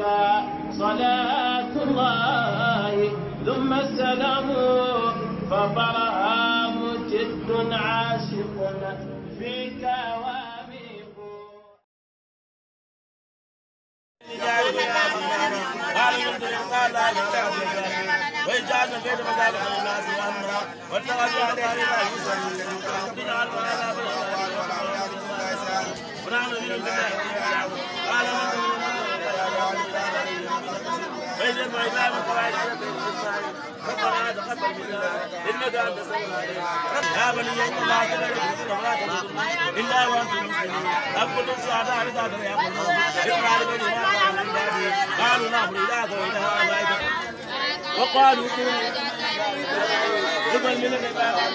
عليك صلاة الله ثم السلام فطرها مجد عاشق فيك واميق ويجعلنا بين مدار الناس والامراء والتوجه على ونحن من الله وسلم وإمام القواعد ربنا تقبل منا إنك أنت السميع العليم يا بني إن الله تعالى يقول ولا تموتن إلا وأنتم مسلمون أنكم شهداء على ذات يا قوم إقرار بني ما قال من بعدي قالوا نعبد إلهك وإله آبائك وقالوا كونوا جبل من الإمام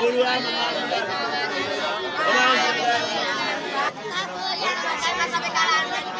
قولوا آمنا بالله وما أنزل الله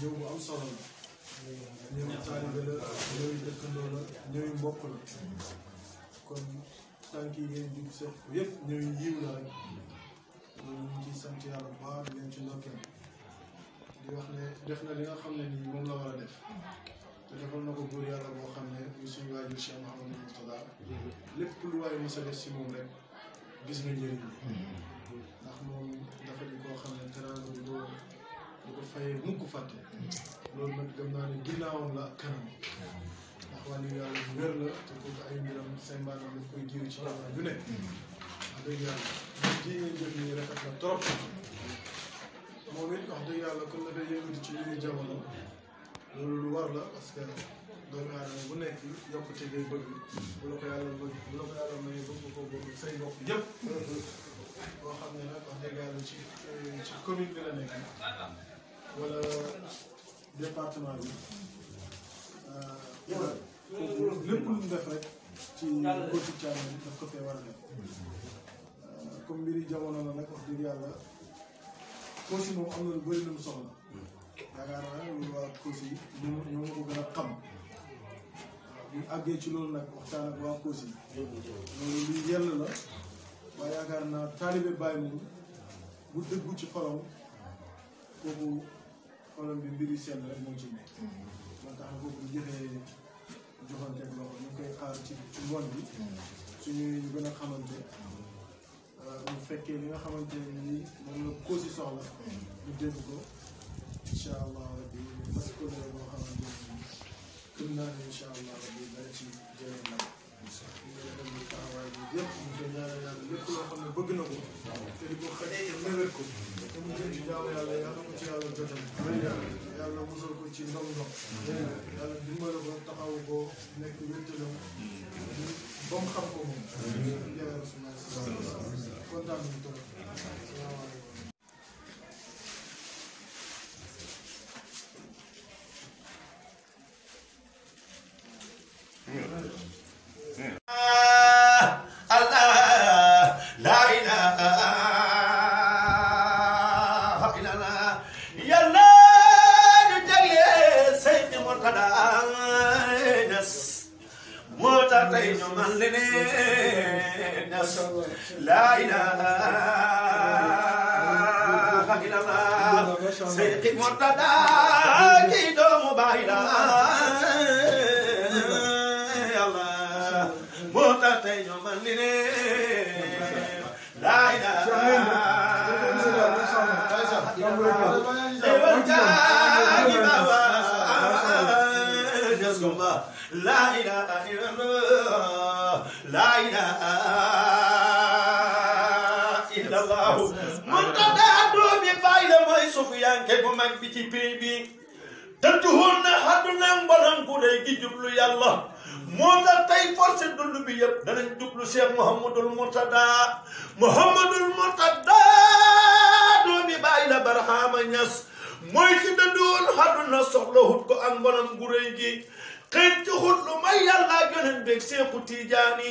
ñëw bu am solo la ñëw taalibe la ñëw dëkkandoo la ñëw mbokk la kon tànk yi ngeen jub set yëpp ñooy yiw la rek loolu ñu ngi sant yàlla bu baax di leen ci ndokkeel di wax ne def na li nga xam ne nii moom la war a def te defal na ko góor yàlla boo xam ne ñu suñu waajur Cheikh Mouhamadou Mourtada lépp lu waaye mos a def si moom rek gis nga njëriñ li ndax moom dafa di koo xam ne teraanga bi doo du ko fayee mukk fàtte loolu nag gëm naa ne ginnaawam la kanam wàllu yàlla bu wér la te kooku ay mbiram say mbaanam daf koy jiw ci jamono ju ne wax dëgg yàlla ñun jii ngeen jëf nii rafet na trop moom it wax dëgg yàlla comme dafay yëngatu ci yooyu jamono loolu lu war la parce que doomu aadama bu nekk yokkute ngay bëgg bu la ko yàlla bëgg bu la ko yàlla mayee ko bëgg say mbokk yëpp boo ne nag wax dëgg ci ci commune bi la nekk wala département bi. Euh, lépp lu mu def rek ci góorti caana bi daf ko fee war a def euh, comme mbiri jamono la nag wax dëgg yàlla Kossy moom am na lu bëri soxla yaakaar naa ñu waa Kossy ñu ñoo ma a xam ñu àggee luy yell la waaye yaakaar naa taalibe bàyyi moom bu dëggu ci xolam kooku xolam bi mbiri seen rek moo ci mm-hmm. moo tax na kooku jëfee joxanteeg loxo ñu koy xaar ci ci ngoon bi suñuy gën a xamante euh, bu fekkee li nga xamante ne nii moom la causes yi soxla ñu dégg ko incha allah rabbi parce que loolu boo xamante ne nii gëm naa ne incha allah rabbi dara ci jëlee yëpp ñu koy ñaanal yàlla lépp loo xam ne bëgg na ko. te di ko xëjee nëwër ko. te mu jëm ci jaamu yàlla yàlla ko ci yàlla jotal. yàlla musal ko ci ndam ndam. yàlla dimbale ko taxawu ko nekk wéttalam. ba mu xam ko moom. jërëjëf kontaan nañu trop. لا إله إلا الله لا إله إلا الله منتدى دوم بايل موي سفيان كي بو ماك بي تي بي بي تدهون حدنا مبلن بودي جي جبلو يالله moo tax tey force dund bi yëpp danañ jublu Cheikh Mouhamadul Mourtada Mouhamadul Mourtada doomi bàyyi la Barhama Ñas mooy xaduna soxla hut ko ak ngolam xëncu xut lu may yàllaa yonen beeg seexu tiijaani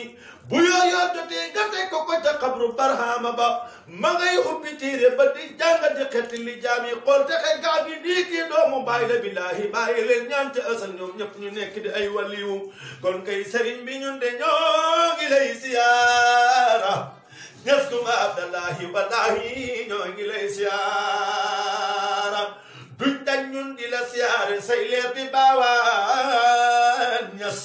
bu yooyoo jotee nga ko ko ca xabru barhama ba ma ngay ubbi téere ba di jàngati xetti li jaam yi xool te xet gaa bi kii doomu bàyyi la billaahi bàyyi leen ñaan ca asal ñoom ñu nekk di ay waliwu kon kay sëriñ bi ñun de ñoo ngi lay siyaara ñes ku ma abdallahi wallahi ñoo lay siyaara duñ dañ ñun di la siyaare say leer di baawaan ñas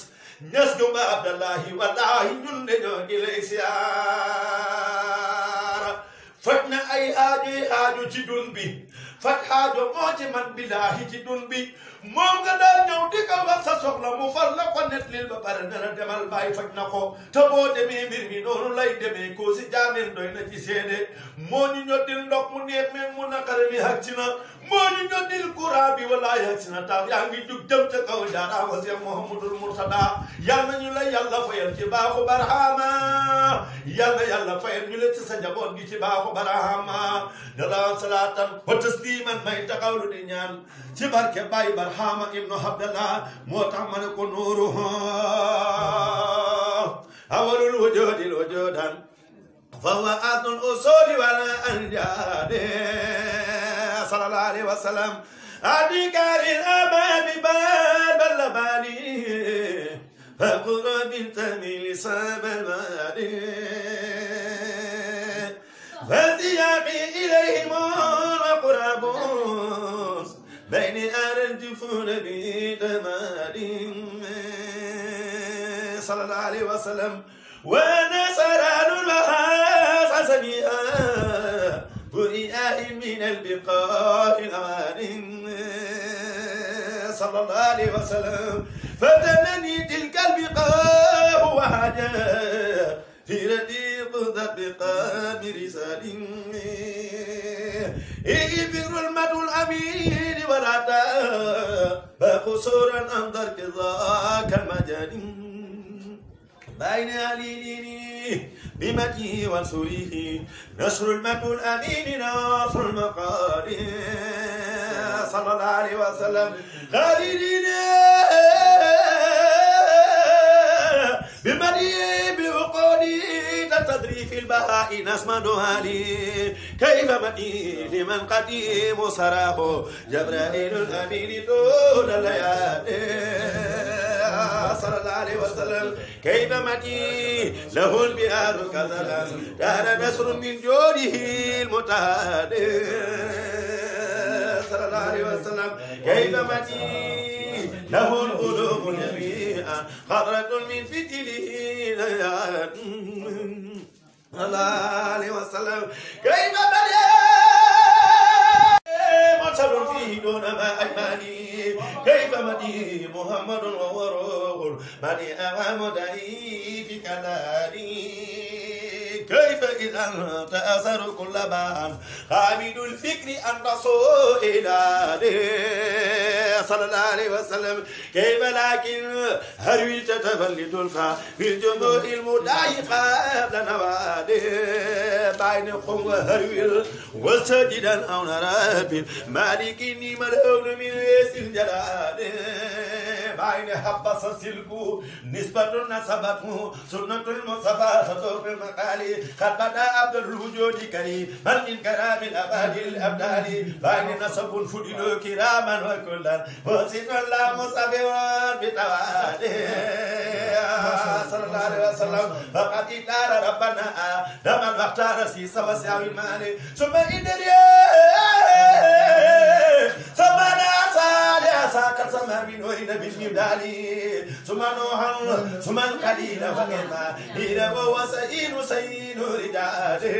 ñas gumba abdallahi wallahi ñun dañoo di siyaara faj na ay aajo aajo ci dun bi faj aajo moo ci man billaahi ci dun bi moom nga daan ñëw di mu far ko net lil ba pare na demal bàyyi faj ko te boo demee mbir mi noonu lay demee koo si jaameen doy na ci seede moo ñu ñoddil mu neex meen mu naqare mi hàcc na moo ñu doddil courant bi walaayatina taal yaa ngi jug jëm ca kaw daara wa seen Mouhamadul Mourtada yal na ñu la yàlla fayal ci baaxu barahama yal na yàlla fayal ñu la ci sa njaboot gi ci baaxu barahama dala salaatan wa tasliman may taxawlu di ñaan ci barke Baye Barhama ibnu Abdallah moo tax ma ne ko nuuru wujudan fa huwa adnul usuli wala anjaade sallallahu alayhi wa sallam أبكار الأمام باب اللباني فقر بنت من لصاب المالي فثيابي إليهم وقرب بين أرجفون بدمار صلى الله عليه وسلم ونسران لها سميئا برئاء من البقاء الأمان صلى الله عليه وسلم فدلني تلك البقاء وحاجة في رديق ذا بقام رسال إبر المد الأمير ولا تأخ سورا أنظر كذاك المجانين بين عليليني بمجه وانصره نصر المد الامين ناصر المقادير صلى الله عليه وسلم خليلنا بمني بعقولي تتدري في البهاء نسمدها لي كيف مني لمن قديم سراه جبرائيل الامين دون الليالي صلى الله عليه وسلم كيف مدي له البئر كذلك دار نصر من جوده المتهاد صلى الله عليه وسلم كيف مدي له القلوب اليمين خضرة من فتنه الله وسلم كيف بدا منصر فيه دون ما أجمعني كيف مدي محمد ووروه مدي أغام دعي في كلامي كيف إذا تأثر كل بان حامد الفكر أن تصو إلى صلى الله عليه وسلم كيف لكن هرويل تتفلد الخا في الجموع المضايقة قبل نوادي بين قوم هرويل وسجدا أو نراب مالك النيم الأون من ويس الجلال عين حبس السلك نسبة نسبته سنة المصطفى صدوق المقال قد بدا عبد الوجود كريم من من كرام الأباد الأبدال فإن نسب فدل كراما وكلا وسن الله مصطفى بتواله صلى الله عليه وسلم فقد اختار ربنا دما واختار سيسا وسع المال ثم إدريا ثم ناسا لأسا قد سمع من وين من بدالي ثم نوحا ثم القليل فقنا إلى وسئين سئين رجالي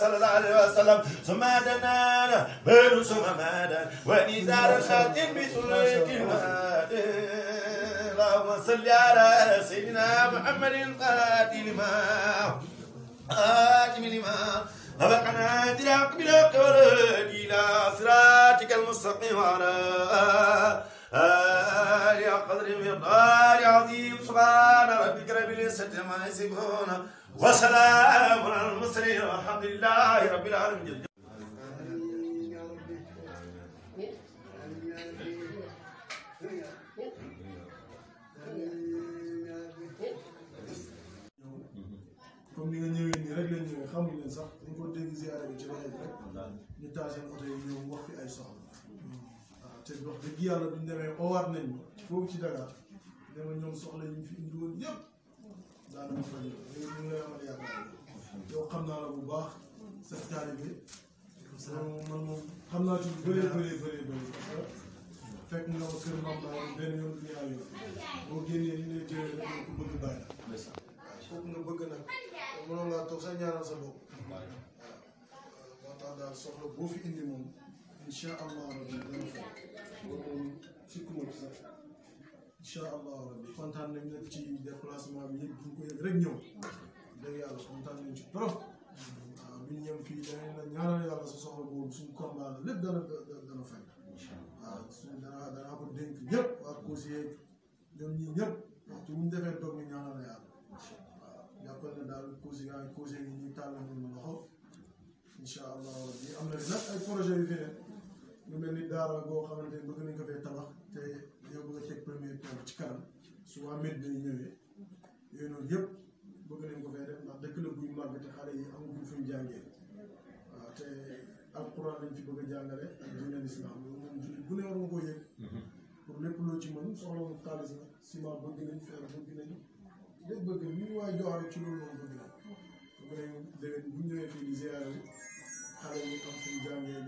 صلى الله عليه وسلم ثم دنا بن ثم مادا ونزار شاد بسلك اللهم صل على سيدنا محمد قاتل ما قاتل لما أبقنا تلاق بلاك ولا إلى صراطك المستقيم على آل يا قدر مقدار عظيم سبحان ربك رب العزة ما يصفون وسلام على المرسلين والحمد لله رب العالمين comme ni nga ñëwee nii rek la ñëwee xamuñ leen sax dañ ko dégg ziyaara bi ci rajo bi rek ñu taal seen oto yi ñëw wax fi ay soxla te wax dëgg yàlla bi ñu demee owaat nañ foofu ci Dakar ne ma ñoom soxla yi ñu fi indi woon yëpp daanaka fa ñëw xam naa la bu baax sa taalibe bi man moom xam naa ci bëree bëree bëree bëri fekk nga ma kër mam naa yoon benn yoon ñaar yoon boo génnee ñu ne jëlee rek ko bëgg bàyyi foofu nga bëgg nag mënoon ngaa toog sa bopp waaw moo tax daal soxla boo fi indi moom incha allah rabbi dana fa moom sikkuma ci sax incha allah rabbi kontaan nañ nag ci déplacement bi yëpp bu ko yëg rek ñëw dëgg yàlla kontaan nañ ci trop waaw bu ñu ñëw fii danañ la ñaanal yàlla sa soxla boobu suñu combat la lépp dana dana fay waaw suñu danaa danaa ko dénk ñëpp waa conseiller ñoom ñii ñëpp waxtu bu ñu defee toog ñu ñaanal la yàlla waaw jàppal na daal conseiller conseiller yi ñu tàllal ñu loxo incha allah rabbi am na nag ay projet yu fi ne lu mel ni daara goo xamante ne bëgg nañ ko fee tabax te yow bëgg a teg première pierre ci kanam su waa ñëwee yooyu noonu yëpp bëgg nañ ko fee def ndax dëkk la buy màgg te xale yi amaguñ fuñ jàngee waaw a jàngale ak diine lislaam loolu moom jullit bu mhm. loo ci mën soxla woon xaalis la ciment bëgg nañ fer bëgg nañ lépp bëgg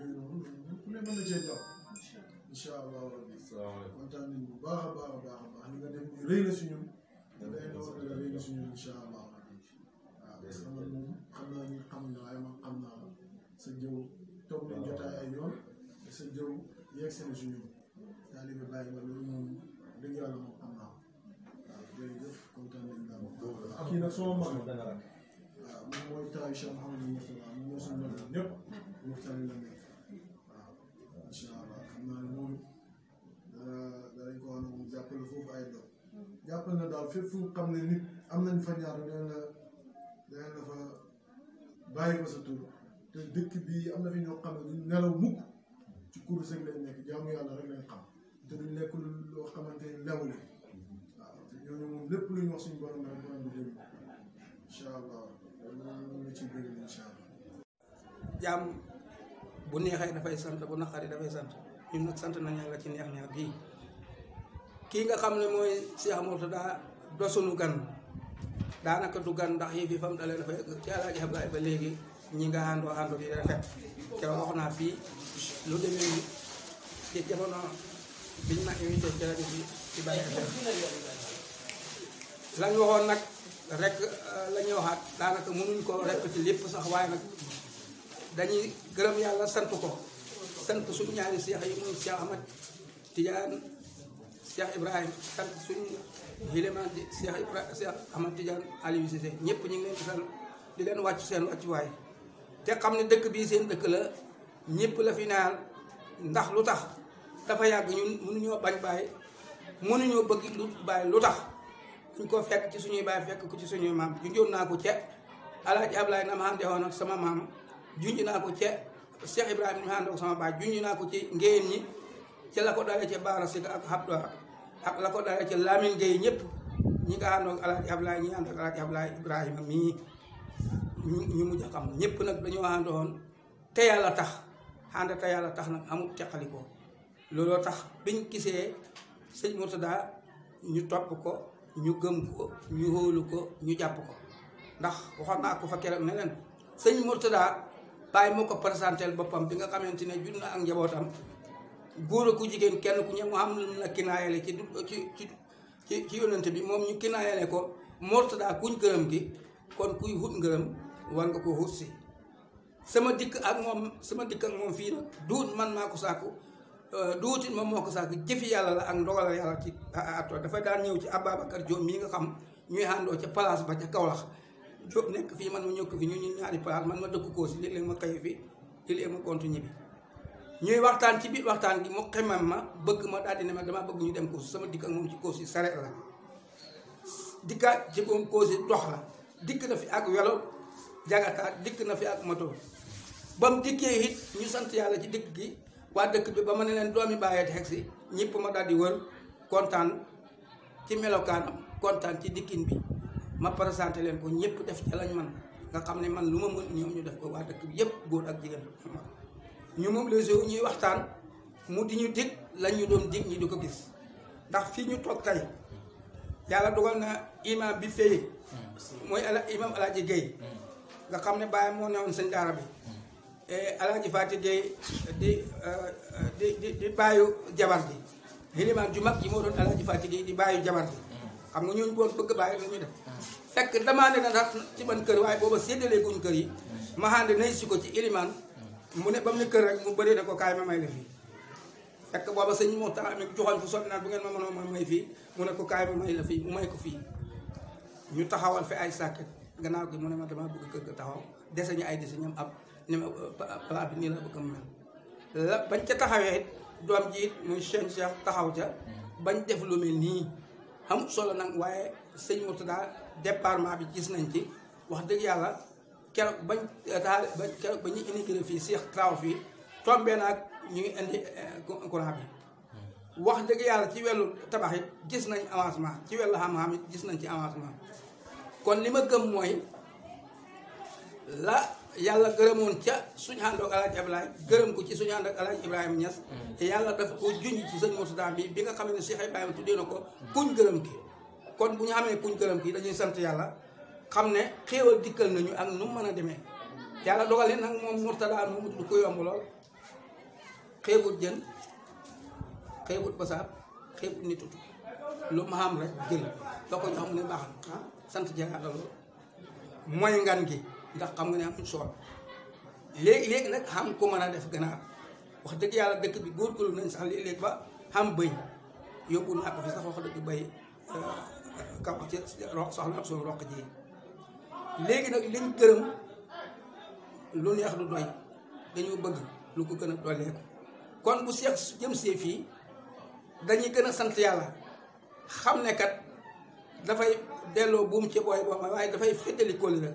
yi ku ne mën na cee jàpp. incha allah rabbi kontaan bu baax a baax baax baax li nga def ni rëy na ñun. da ngay ni xam na waaye man xam naa la sa jëw toog nañ jotaay ay yoon sa jëw yegg seen ñun taalibe bàyyi loolu moom dëgg moom xam naa waaw jërëjëf kontaan nañ daal ak kii nag sama mag waaw moom mooy taay Cheikh Mouhamadou Moustapha moom moo suñu mag ñëpp Moustapha la nekk jàpp na daal fépp fu xam ne nit am nañ fa ñaar nee na nee na fa bàyyi ko sa tur te dëkk bii am na fi ñoo xam ne rek lañ xam te duñ nekk loo xamante ni lew la waaw lépp lu ñu wax suñu borom bi ci bëri incha allah. jaam bu sant bu naqari dafay sant ñun sant nañ yàlla ci neex-neex kii nga xam ne mooy si Cheikh Mourtada do sunu gan daanaka du gan ndax yi fi fam dalee dafa yëg ci Alaaji Ablaay ba léegi ñi nga àndoo àndoo di rafet te wax naa demee ni ci jamono biñ rajo bi ci bari lañ waxoon nag rek euh, la ñuy waxaat daanaka mënuñ ko répété lépp sax waaye nag dañuy gërëm yàlla sant ko sant suñu ñaari seex yi muy Cheikh Ahmad Tidiane Cheikh Ibrahima sant suñu vilément di Cheikh Ibrahima Cheikh Ahmad Tidiane ñëpp ñu ngi leen di di leen wàccu seen wàccuwaay te xam ne dëkk bii seen dëkk la ñëpp la fi naan ndax lu tax dafa yàgg ñu mu ñun mënuñoo bañ bàyyi mënuñoo bëgg lu bàyyi lu tax dañ ko fekk ci suñuy baay fekk ko ci suñuy maam junjoon naa ko ca Alaaji Ablaay na ma àndee woon ak sama maam ju naa ko ca Cheikh Ibrahima ñu àndoo ak sama baay ju naa ko ci ngéen ñi ci la ko dalee ca Baara Sika ak Habdouar ak la ko dara ci Lamine Gueye ñëpp ñi nga àndoon ak Alaaji Ablaay ñi àndoon ak Alaaji Ablaay Ibrahima mii ñu ñu mujj xam ñëpp nag dañoo àndoon te yàlla tax ànd te yàlla tax nag amul teqalikoo looloo tax biñ gisee sëñ Murtada ñu topp ko ñu gëm ko ñu hóolu ko ñu jàpp ko ndax waxoon naa ko fa keroog ne leen sëñ Murtada bàyyi moo ko présentel boppam bi nga xamante ne jur na ak njabootam góor a ku jigéen kenn ku ñëw moo am lu la kinaayale ci ci ci ci ci yonent bi moom ñu kinaayale ko mortada kuñ gërëm gi kon kuy xut ngërëm war nga ko xut si sama dikk ak moom sama dikk ak moom fii nag duut man maa ko sàkku euh, duutit moom moo ko sàkku jëfi yàlla la ak ndogalal yàlla ci atto dafay daan ñëw ci Ababacar Diop mii nga xam ñuy àndoo ca place ba ca Kaolack Diop nekk fii man ma ñëkk fi ñu ñu ñaari place man ma dëkk koo si léeg-léeg ma kayi fi bi ñuy waxtaan ci biir waxtaan gi mu xemam ma bëgg ma daal di ne ma dama bëgg ñu dem ko sama dikk ak moom ci koosi sareet la dikkaat ci moom koosi dox la dikk na fi ak welo jagataat dikk na fi ak moto ba mu dikkee it ñu sant yàlla ci dikk gi waa dëkk bi ba ma ne leen doomi bàyyee xeg si ñëpp ma daal di wër kontaan ci melokaanam kontaan ci dikkin bi ma présenté leen ko ñëpp def ca lañ man nga xam ne man lu ma mën ñoom ñu def ko waa dëkk bi yëpp góor ak jigéen ñu mobilisé wu ñuy waxtaan mu di ñu dig lañ ñu doon dig ñi du ko gis ndax fii ñu toog tey yàlla dogal na imam bi fay mm. mooy ala imam alaaji mm. nga xam ne bàyyi moo newoon sëñ daara bi mm. e, alaaji Faati Guèye di di di bàyyu jabar ji ju mag ji moo doon alaaji Faati Guèye di xam nga ñooñu boon bëgg bàyyi la ñu def fekk demandé na ndax ci man kër waaye booba séddalee guñ kër yi maxaande nay si ko ci ilimaan mu ne ba mu ne kër rek mu bëri da ko kaay ma may la fii fekk booba sëñ moo tax mi joxoon fu sot bu ngeen ma mënoo ma may fii mu ne ko kaay ma may la fii mu may ko fii ñu taxawal fi ay sàkket gannaaw gi mu ne ma dama bëgg kër ga taxaw dese ñu ay dese ñoom ab ni ma bi nii la bëgg a mel la ca taxawee doom jiit muy seen Cheikh taxaw ja bañ def lu mel nii xam solo nag waaye sëñ Murtada département bi gis nañ ci wax dëgg yàlla keroog bañ euh, taal ba ñu ba ñuy indi fii Cheikh Traoré fii tombé naag ñu ngi indi euh, courant bi. wax dëgg yàlla ci wàllu tabax gis nañ avancement ci wàllu xam-xam it gis nañ ci avancement kon li ma gëm mooy la yàlla gërëmoon ca suñu àndoog Alaaji Ablaay gërëm ko ci suñu àndoog Alaaji Ibrahima Niass mm. yàlla daf ko junj ci sëñ Murtada bi bi nga xam ne Cheikh Ibrahima tuddee na ko kuñ gërëm ki kon bu ñu xamee kuñ gërëm ki dañuy sant yàlla xam ne xéewal dikkal nañu ak nu mën a demee yàlla dogal nag moom murtada moom du ko yomb lool xeebut jën xeebut basaab xeebut nitut lu ma am rek jël doo ko ñu xam ne baax na sant jagaar la lool mooy ngan gi ndax xam nga ne am sool léegi léegi nag xam ko mën a def ganaar wax dëgg yàlla dëkk bi góorgóorlu nañ sax léeg-léeg ba xam bëy yóbbu naa ko fi sax wax dëgg bay euh, kaw ci soxla ak suñu roq ji léegi nag liñ gërëm lu neex du doy dañu bëgg lu ko gën a dolleeku kon bu seex jëm see fii dañuy gën a sant yàlla xam ne kat dafay delloo buum ci booy boo ma waaye dafay feddali kóllëre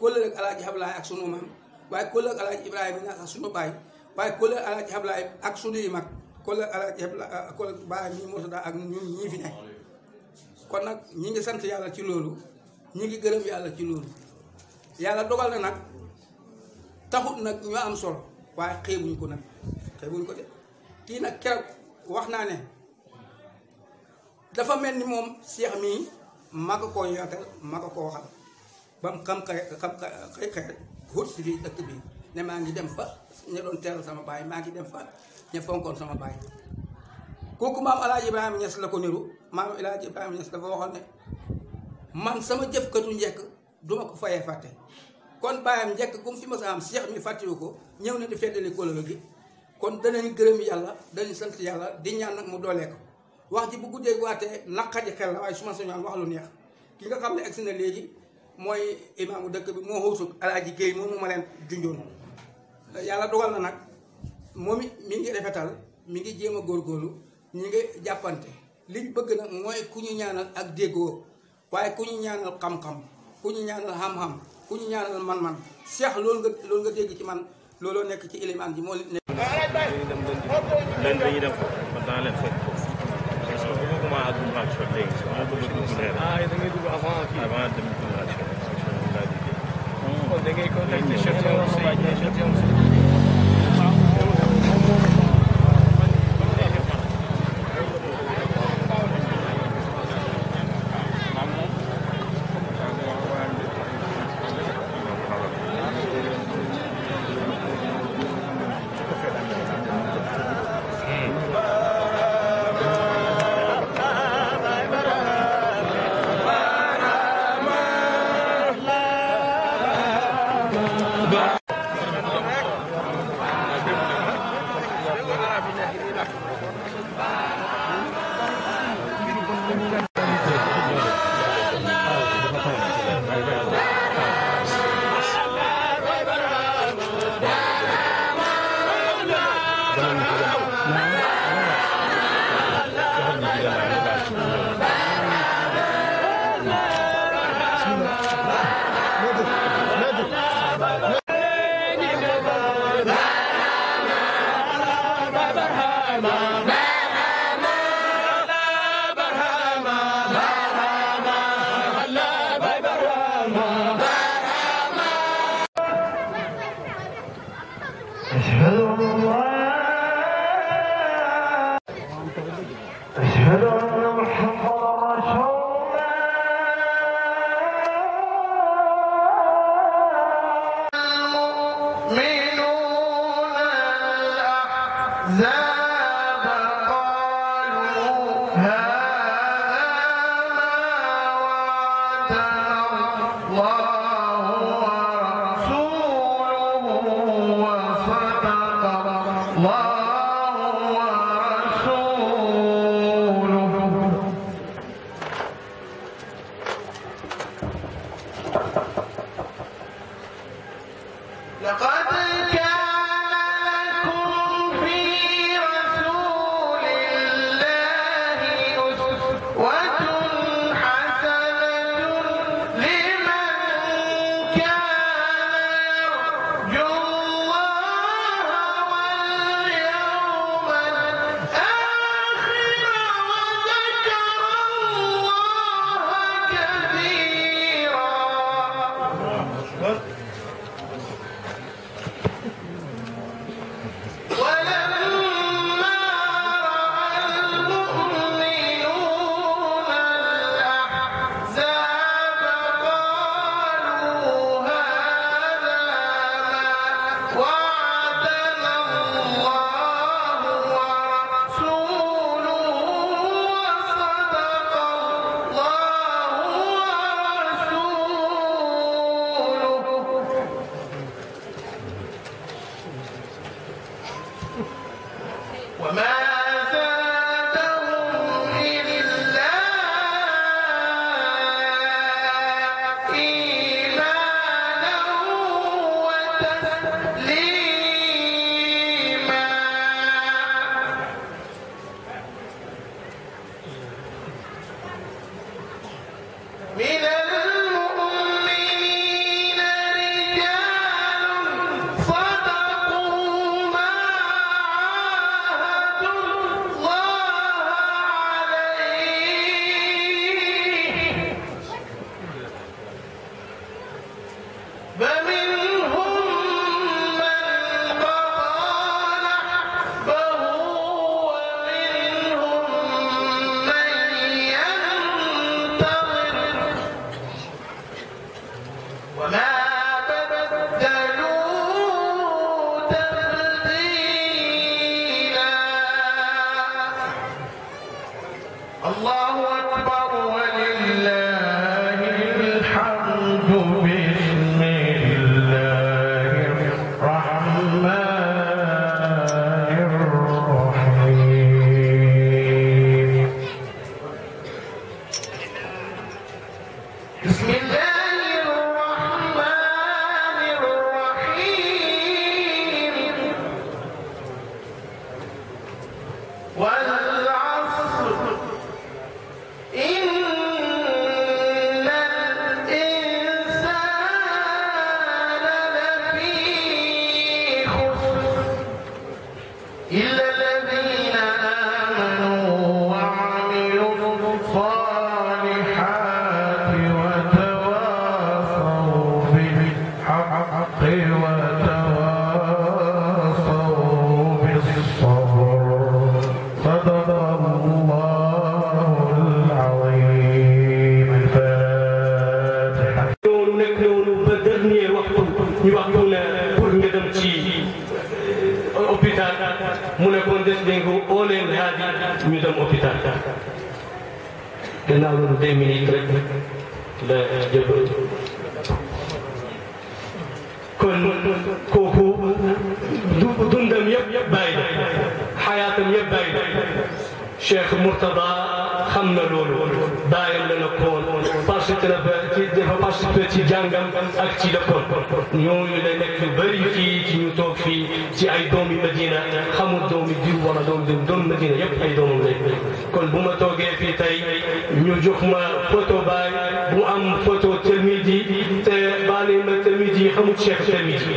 kóllëre ak alaaji Ablaay ak sunu maam waaye kóllëre ak alaaji Ibrahima yi ak sunu baay waaye kóllëre ak alaaji Ablaay ak sunuy mag kóllëre ak alaaji Ablaay kóllëre baay mi Murtada ak ñun ñii fi nekk kon nag ñi ngi sant yàlla ci loolu ñu ngi gërëm yàlla ci loolu yàlla dogal na nag taxut nag ñu am solo waaye xeebuñ ko nag xeebuñ ko de kii nag keroog wax naa ne dafa mel ni moom seex mii ma ko koo yaatal ma ko koo waxal ba mu xam xay xam xay xay xut si fii dëkk bi ne maa ngi dem fa ña doon teeral sama baay maa ngi dem fa ña fonkoon sama baay kooku maam El Hadj Ibrahima Niass la ko niru maam El Hadj Ibrahima Niass dafa waxoon ne. man sama jëfkatu njekk duma ko fayee fàtte kon bàyyam njekk gum fi mas a am seex mi fàttiwu ko ñëw na di feddali kóllëre gi kon danañ gërëm yàlla danañ sant yàlla di ñaan nag mu doolee ko wax ji bu guddee waatee naqaji xel la waaye su ma sañoon wax lu neex ki nga xam ne agsi na léegi mooy imaamu dëkk bi moo xuusu alaaji géey moomu ma leen junjoon yàlla dogal na nag moom it mi ngi rafetal mi ngi jéem a góorlu ñu ngi jàppante li bëgg nag mooy ku ñu ak déggoo waaye ku ñu ñaanal xam-xam ku ñu ñaanal xam-xam ku ñu ñaanal man-man seex loolu nga loolu nga dégg ci man looloo nekk ci élément bi moo leen. leen dañuy dem man dana leen fekk parce que bu ma commencé ak Goumba Action léegi si ma bëgg a dugg leer. ah da ngay dugg avant kii avant dem Goumba Action. kon da ngay contacter Cheikh Thioro Seye pour deux minutes rek la jëbal kon kooku dundam yëpp bàyyi xayaatam yëpp bàyyi Cheikh Mourtada xam na loolu bàyyam la na koon parce que ci développement ci jàngam ak ci dëppam ñooñu la nekk lu bëri fii ci ñu toog fii ci ay doomi Madina xamul doomi diw wala doomi diw doomi Madina yëpp ay doomam lañ kon bu ma toogee fii tey ñu jox ma photo baay bu am photo Tirmidi te baale ma Tirmidi xamul Cheikh Tirmidi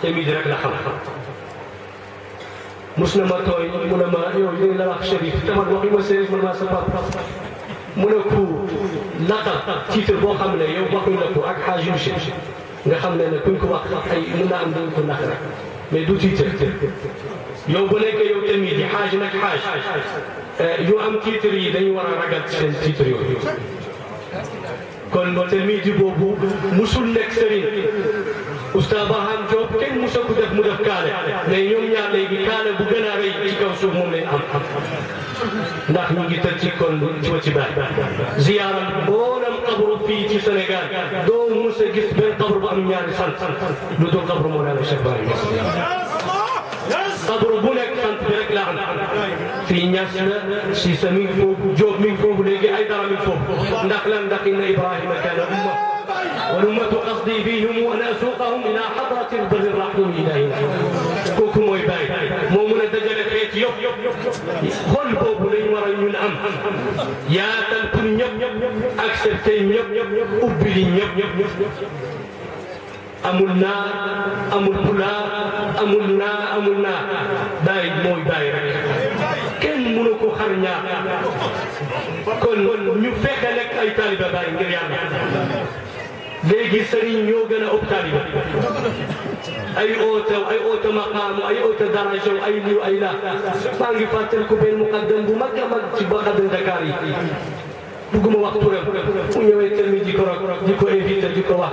Tirmidi rek la xam mos na ma tooy mu ne ma yow léegi la wax Chérif dama wax yu ma Chérif man maa sa papa mu ne ku laqab titre boo xam ne yow bokkuñ la ko ak xaaj yu si nga xam ne ne kuñ ko wax ay mën naa am dañ ko naq la mais du titre yow bu nekkee yow tamit di xaaj nag xaaj eh, yu am titre yi dañu war a ragal seen titre yooyu kon tamit boobu musul nekk sëriñ oustaz Barham Diop kenn musa ko mu def kaale mais ñaar léegi kaale bu gën a rëy ci kaw suuf moom lañ am ndax ñu ngi tëj ci kon ci wa ci baay ziyaara mboolem xabru fii ci Sénégal doo musa gis benn xabru bu am ñaari fan lu dul xabru Mawlana Cheikh Ibrahim xabru bu nekk sant bi rek laa am fii ñas na si sa mi ngi foofu Diop mi ngi foofu léegi ay dara mi ngi lan ndax inna Ibrahima kaana umma والأمة قصدي بهم وأن أسوقهم إلى حضرة البر الرحيم إلهي kooku mooy Baay moo mën a dajale xeet yëpp xol boobu lañ war a ñun am yaatal pour ñëpp accepter ñëpp ubbi li ñëpp amul naar amul pulaar amul naa amul naa Baay mooy Baay rek kenn mënu ko xar ñaar kon ñu fekk nekk ay taaliba Baay ngir yàlla léegi sëriñ ñoo gën a ëpp taalibe ay oote ay oote maqaamu ay oote daraja ay liw ay la maa ngi fàttaliku benn muqaddam bu mag a mag ci baqadin Dakar yi bugguma wax turam mu ñëwee tamit di ko di ko invité di ko wax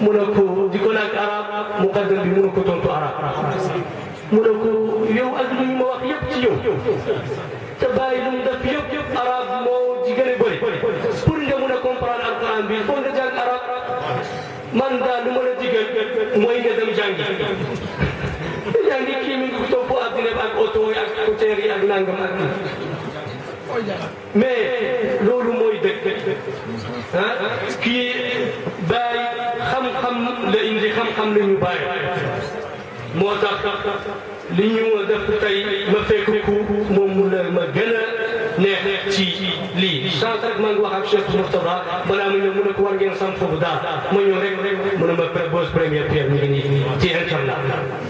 mu ne ko di ko laaj arab muqaddam bi mu ne ko tontu arab mu ne ko yow ak lu ma wax yëpp ci yow te bàyyi lu mu def yëpp arab moo ci gën a comprendre man daal lu ma dem jàngi jàngi kii mi loolu mooy dëgg ah kii bàyyi xam-xam la indi xam-xam la ñu bàyyi moo tax li ñu def tey ma fekk ku moom mu la ma gën a neex ci lii sant rek maa wax ak Cheikh Moustapha balaa ma a mu ne ko war ngeen sam foofu daal ma ñëw rek mu ne ma pose première pierre mi ngi nii ci inchallah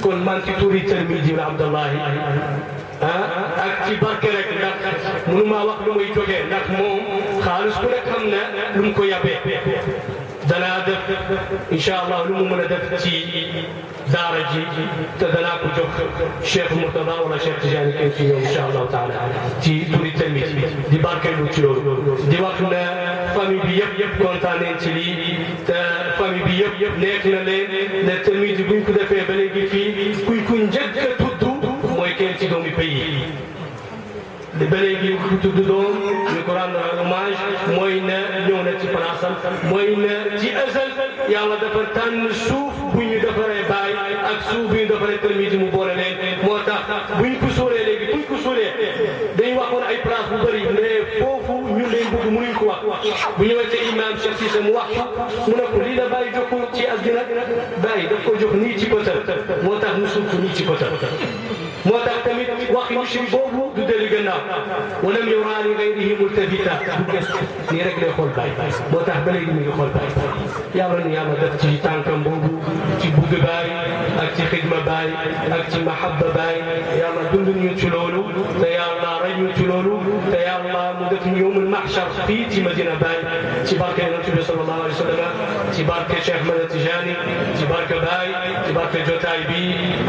kon man ci tuuri Tirmidhi bi Abdallahi ah ak ci barke rek ndax mënu maa wax lu muy jógee ndax moom xaalis ku ne xam na lu ko yabee danaa def incha allah lu mu mën a def ci daara ji te danaa ko jox cheikh Murtada wala cheikh Tijani kenn ci ñoom incha allahu taala ci turi tamit di barkeelu ci loolu di wax na famille bi yëpp yëpp kontaan nañ ci lii te bi yëpp yëpp nekk na leen ne tamit buñ ko defee ba léegi fii kuy ku njëkk a mooy kenn ci doomi pays bëre gi ku tudd doon ñu ko rendre hommage mooy ne ñëw na ci palaasam mooy ne ci ësal yàlla dafa tànn suuf bu ñu defaree baay ak suuf bu ñu defaree permis mu boole leen moo tax buñ ko sóoree léegi buñ ko sóoree dañ waxoon ay place bu bëri mais foofu ñun dañ bëgg mënuñ ko wax bu ñëwee ca imam Cheikh Cissé mu wax mu ne ko lii la bàyyi jokkoo ci asgina bàyyi daf ko jox nii ci bëtal moo tax mu suuf ci bëtal moo tax tamit wax mission boobu du dellu gannaaw wala mu yoroon yi ngay nii multavita du gëstu nii rek lay xool baay moo tax ba léegi mu ngi xool baay yàlla na yàlla def ci tànkam boobu ci bugg baay ak ci xidma baay ak ci mahabba baay yàlla dund ñu ci loolu te yàlla rey ñu ci loolu te yàlla mu def ñu yowmul mahshar fii ci Madina Baay ci barke yonent bi sallallahu alayhi wa sallam ci barke Cheikh Ahmad Tijani ci barke baay barke jotaay bi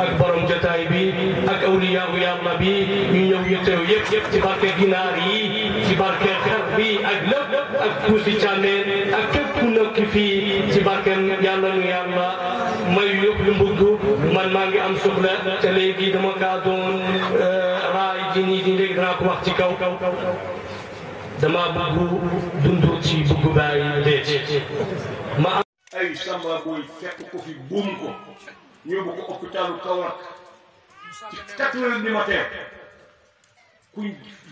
ak borom jotaay bi ak awliyaahu yàlla bi ñu ñëw yëtteew yëpp yëpp ci barke ginaar yi ci barke ak lépp ak kuusi càmmeen ak képp ku nekk fii ci barke may yëpp lu mbugg man maa am soxla te léegi dama kaa doon euh, raay ji nii di wax ci kaw kaw kaw dama bëgg dund ci bëgg bàyyi déet ma am ay samba booy fekk ko fi buum yóbbu ko hôpitalu Kaolack ci quatre heures du matin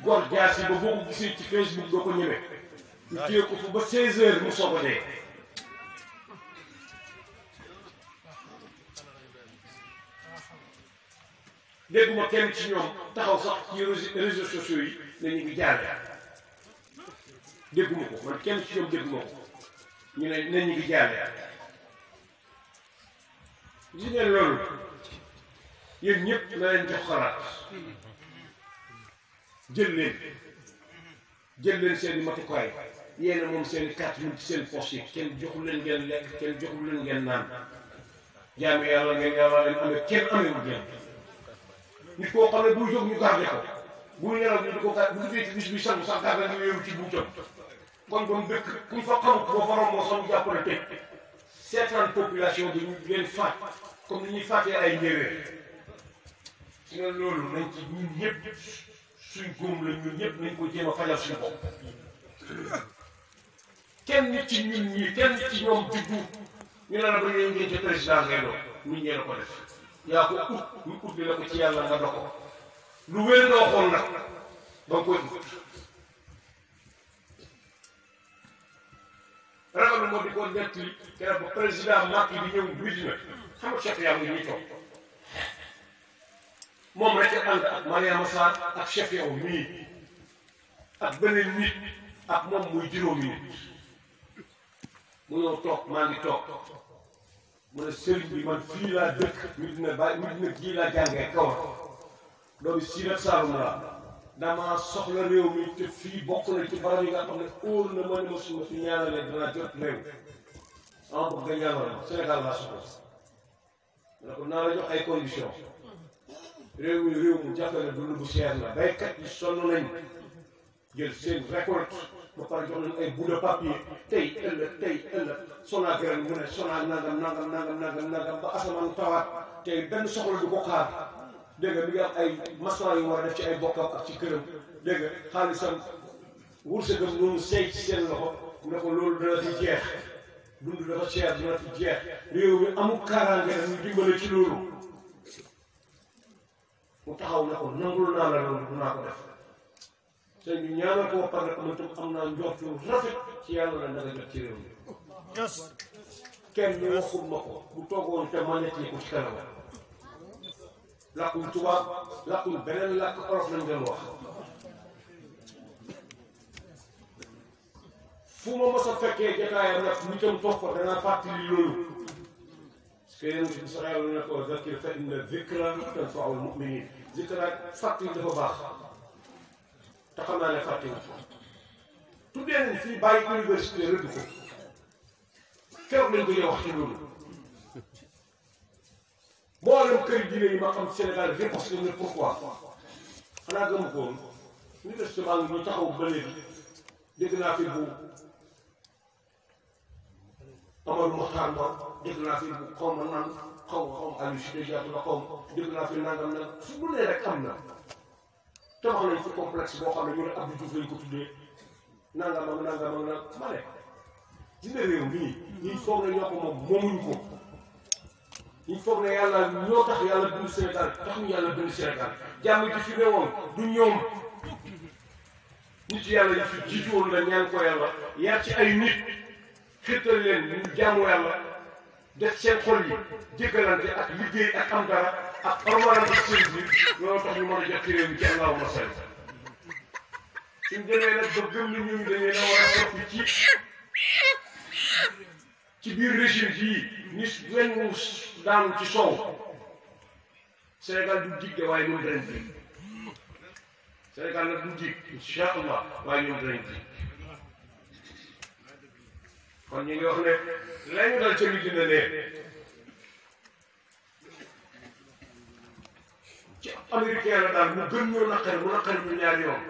gor jaas yi ba boo ko gisee ci Facebook doo ko ñëwee ñu téye ko fa ba seize heures mu soog a dee dégguma kenn ci ñoom taxaw sax ci réseaux sociaux yi ne ñu ngi jaale dégguma ko man kenn ci ñoom dégguma ko ñu ne ne ñu ngi jaale ñu mel loolu yéen ñëpp na leen jox xalaat jël leen jël leen seen i matukaay yéen moom seen i carte ci seen poche yi kenn joxu leen ngeen lekk kenn joxu leen ngeen naan jaami yàlla ngeen yàlla leen amee kenn amee wu ngeen nit koo a ne buy ko buy nelaw ñu di ko bu duggee ci bis bi sangu sax garde ñu kon ba mu dëkk kuñ fa xamut boo fa romboo sax ñu jàppale tëj seetaan population bi ñu leen faat comme ni ñuy faatee ay njéeréer su loolu nañ ci ñun ñëpp suñ góom la ñun ñëpp nañ ko jéem a fajal suñu bopp kenn ci ñun ñii kenn ci ñoom juddu ñu ne la ba ñuy ngeen ci président ngay doon nit ñee la ko def yaa ko ut ñu ut bi la ko ci yàlla nga dox lu wér doo xool nag ba nga ragal moo di ko nettali keroog ba président Macky bi ñëw Médina xam nga chef yaa ngi ñuy toog moom rek ànd ak Mariama Sarr ak chef yow mii ak beneen nit ak moom muy juróomi nit mu ñëw toog maa ngi toog mu ne sëriñ bi man fii laa dëkk Médina ba Médina gii laa jàngee kawar loolu si nag saaru damaa soxla réew mi te fii bokk na ci ah, naa la jox ay condition réew mi réew mu jafe la dund bu cher la baykat yi sonn nañu jël seen récolte ba pare jox leen ay bout tey ëllëg tey ëllëg sonaa gërëm mu ne sonaa nangam nangam nangam ba asamaan tawaat tey benn soxla du ko dégg nga mi ngi am ay masla yu war def ci ay bokkam ak ci këram dégg nga xaalisam wërsëgam noonu seey ci seen loxo ko loolu dana fi jeex dund dafa cher dana fi jeex réew loolu mu taxaw na ko nangul naa la loolu dinaa def sëñ bi ñaanal ko par rek man am naa njortu rafet ci yàlla la ndaga jot ci réew mi kenn ñu waxul ko bu toogoon te ma nekk ko ci kanam làkkum tubaab làkkum beneen làkk olof lañ doon wax fu ma a fekkee jotaayam nag nitam toog ko danaa fàttali loolu parce que yéen si saxee lu ne ko zakir fa inna zikra tanfa'u al-mu'minin zikra fàttali dafa baax te xam naa ne fàttali tuddee nañ fii bàyyi wax ci loolu mboolem kër diine yi ma xam Sénégal riposte na pourquoi xanaa gëm ko woon universitement ngi ñu taxaw ba léegi dégg naa fi bu Amadou Mokhtar Mbow dégg naa fi bu xaw ma nan xaw xaw ma Aliou Cité Diatou la xaw naa fi nangam nag su bu nee rek am na tabax fi complexe boo xam ne ñu ne Abdou Diouf lañ ko tuddee nangam ak nangam ak nag ma ne dina réew mii ñuy foog na ñoo ko moom moomuñ ko ñu foog ne yàlla ñoo tax yàlla bind Sénégal tax ñu yàlla bind Sénégal jàmm ji fi ne du ñoom nit yàlla yi fi jiitu woon la ñaan ko yàlla yar ay nit xirtal leen ñu jaamu yàlla def seen xol yi jëkkalante ak liggéey ak am dara ak parmanante seen biir loolu tax ñu mën a jot ci réew mi ci suñ demee nag ba gëm ni ñun dañuy na war a ci ci biir régime yii ñu weñu daanu ci soow Sénégal du jig de waaye ñoom danañ jig Sénégal du jig incha allah waaye ñoom danañ jig kon ñu ngi wax ne lañu dal ca mi dina ne ci américain la daal mu gën ñoo naqari mu naqari ñu ñaari yoon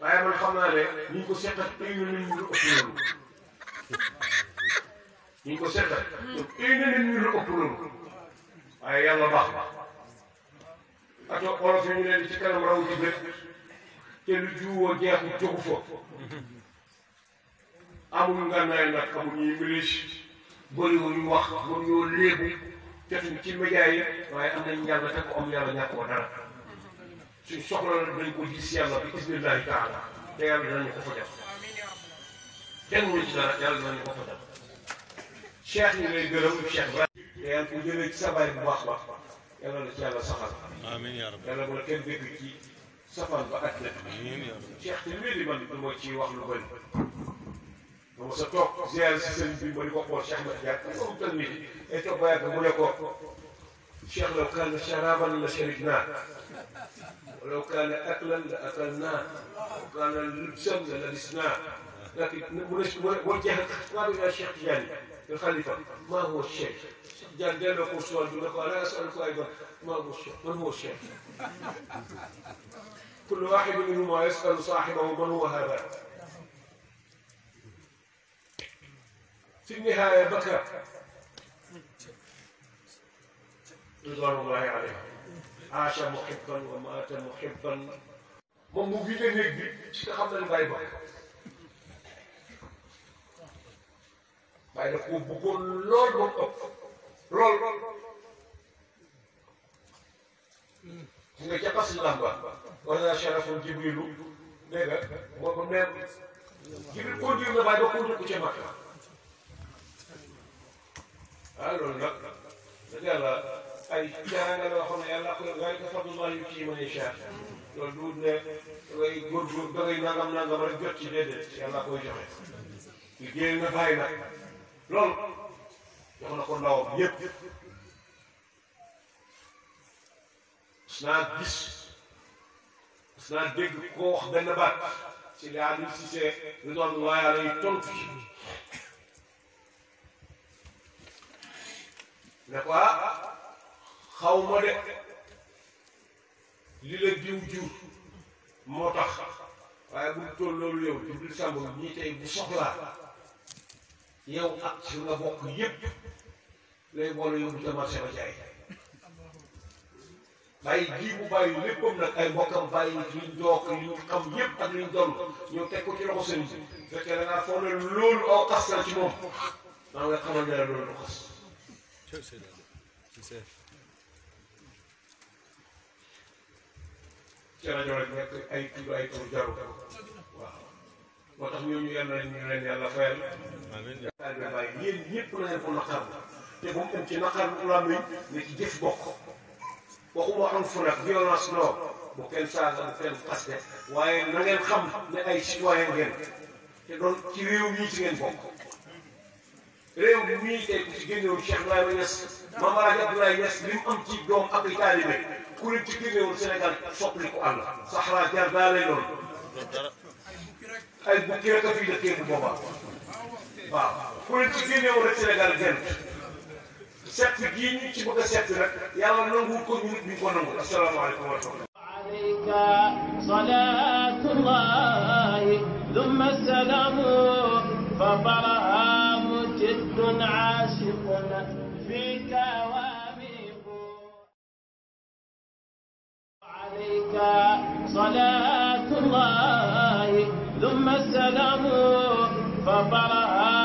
waaye man xam naa ne ñu ko seqat ay ñu ñu ñu ëpp ñu ngi ko seetal. tey ne leen ñu ëpp loolu. waaye yàlla baax baax. ak olof yi ñu leen ci kanam raw ci bët. lu juwoo jeex bu jógu fa. amul ngànnaay nag amuñu milice. bëriwuñu wax mënuñoo léegi. jotuñu ci média yi waaye am nañu yàlla te ko am yàlla ñàkkoo dara. suñ soxla la dañ ko gis yàlla bi bismillahi taala te yàlla dinañu ko fa def. teguñu ci dara yàlla dinañu ko fa cheikh yi ngay gërëm cheikh ba te yàlla ko jëlee ci sa bàyyi bu baax baax yàlla na ci yàlla saxal amiin yaa rabbi yàlla bu la kenn dégg ci safaan ba ak la cheikh te mel ni man du ma ci wax lu bëri dama sa toog ziar si sëriñ bi ma di ko xool cheikh Mbacké Diagne moom tan mi ay toog ba yàgg mu ne ko cheikh law kaana sharaban la sharibnaa walaw kaana aklan la akalnaa walaw kaana lubsan la labisnaa lakin mu ne boo jeexee xaar yaa cheikh Tidiane الخليفة ما هو الشيخ؟ قال دينا قرصوان قال أنا أسألك أيضا ما هو الشيخ؟ من هو الشيخ؟ كل واحد منهما يسأل صاحبه من هو هذا؟ في النهاية بكى رضوان الله عليه عاش محبا ومات محبا moom mu ngi ne néeg bi ci nga xam ne bàyyi ba waaye daf ko bëggoon lool ba ëpp lool su nga ca pas lam ba wax na sharaful jibrilu dégg nga moo ko neem jibril conduire na waaye ba conduire ko ca Makka ah loolu nag dëgg yàlla ay jaaraanga la xam ne yàlla ko waaye ko fadlullah yu ci mën a loolu duut ne dangay góorgóor dangay nangam nangam rek jot ci déedéet yàlla koy joxe liggéey na bàyyi nag loolu jox na ko ndawam yépp su naa gis su naa dégg koo wax benn baat ci li Aliou Cissé lu doon waaye yàlla yi tontu ci ne ko ah, xaw ma de li la diw jur moo tax waaye bu toll loolu yow jublu sàmm tey bu soxlaa yow ak si nga bokk yépp lay boole yóbbu ca marché ba jaay bàyyi ji bu bàyyi léppam nag ay mbokkam bàyyi liñ dook liñ xam yépp ak liñ doon ñëw teg ko ci loxo sëriñ si fekkee da ngaa foog moom maa nga xamal ne la loolu du xas ci rajo rek nekk ay tudd moo tax ñooñu yal na leen ñu leen yàlla fayal. amiin yàlla bàyyi yéen ñëpp la leen ko naqar te ba mu am ci naqar bu ulama yi ne ci jëf bokk waxuma am fu nag violence non bu kenn saaga bu kenn xaste waaye na ngeen xam ne ay citoyen ngeen te doon ci réew mii ci ngeen bokk. réew bi mii tey ku ci génnewoon Cheikh Ibrahima Niass Mame El Hadj Abdoulaye Niass li mu am ci doom ak i taalibe ku leen ci génnewoon Sénégal soppali ko àll. Sahara Diar daa lay doon. ay bukki rek a fii dëkkee bu boobaa waaw ku leen ci génneewu rek Sénégal génn set gii ñu ci bëgg a set rek yàlla nangu ko ñu ñu ko nangu asalaamaaleykum wa rahmatulah. alayka salaatullahi thumma salaamu fa barhaamu jiddun aashiqun fika waamiqu alayka salaatullahi ثم السلام فطرها